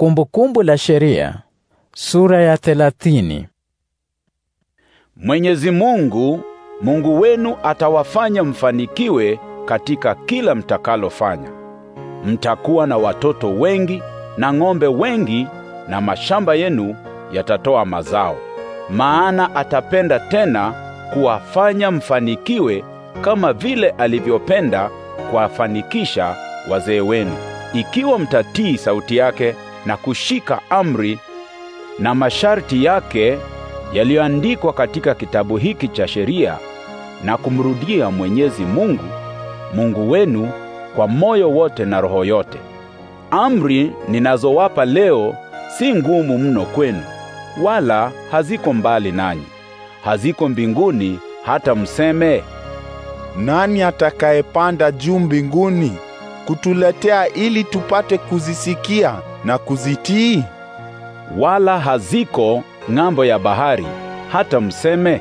Kumbukumbu la Sheria sura ya thelathini. Mwenyezi Mungu Mungu wenu atawafanya mfanikiwe katika kila mtakalofanya. Mtakuwa na watoto wengi na ng'ombe wengi, na mashamba yenu yatatoa mazao, maana atapenda tena kuwafanya mfanikiwe, kama vile alivyopenda kuwafanikisha wazee wenu, ikiwa mtatii sauti yake na kushika amri na masharti yake yaliyoandikwa katika kitabu hiki cha sheria na kumrudia Mwenyezi Mungu Mungu wenu kwa moyo wote na roho yote. Amri ninazowapa leo si ngumu mno kwenu, wala haziko mbali nanyi, haziko mbinguni, hata mseme, nani atakayepanda juu mbinguni kutuletea ili tupate kuzisikia na kuzitii? Wala haziko ng'ambo ya bahari, hata mseme,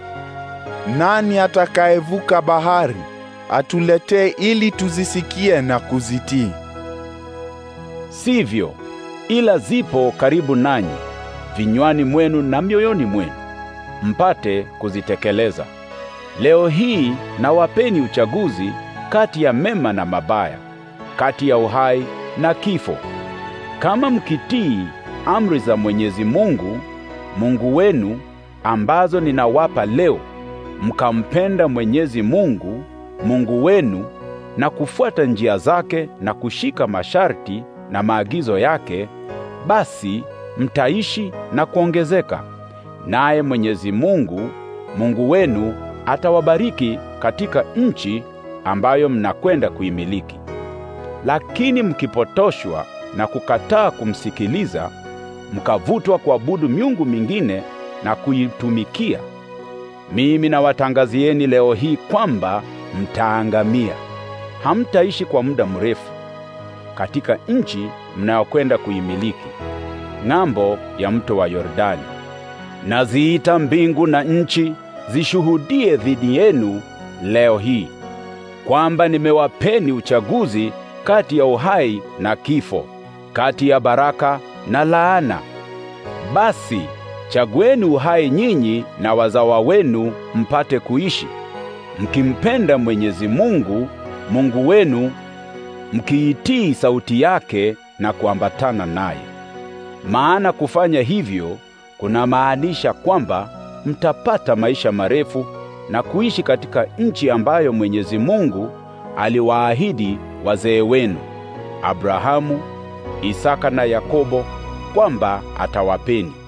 nani atakayevuka bahari atuletee ili tuzisikie na kuzitii? Sivyo, ila zipo karibu nanyi vinywani mwenu na mioyoni mwenu, mpate kuzitekeleza. Leo hii nawapeni uchaguzi kati ya mema na mabaya, kati ya uhai na kifo kama mkitii amri za Mwenyezi Mungu Mungu wenu ambazo ninawapa leo, mkampenda Mwenyezi Mungu Mungu wenu na kufuata njia zake na kushika masharti na maagizo yake, basi mtaishi na kuongezeka, naye Mwenyezi Mungu Mungu wenu atawabariki katika nchi ambayo mnakwenda kuimiliki. Lakini mkipotoshwa na kukataa kumsikiliza, mkavutwa kuabudu miungu mingine na kuitumikia, mimi nawatangazieni leo hii kwamba mtaangamia. Hamtaishi kwa muda mrefu katika nchi mnayokwenda kuimiliki ng'ambo ya mto wa Yordani. Naziita mbingu na nchi zishuhudie dhidi yenu leo hii kwamba nimewapeni uchaguzi kati ya uhai na kifo kati ya baraka na laana. Basi chagweni uhai nyinyi na wazawa wenu, mpate kuishi mkimpenda Mwenyezi Mungu Mungu wenu, mkiitii sauti yake na kuambatana naye. Maana kufanya hivyo kuna maanisha kwamba mtapata maisha marefu na kuishi katika nchi ambayo Mwenyezi Mungu aliwaahidi wazee wenu Abrahamu Isaka na Yakobo kwamba atawapeni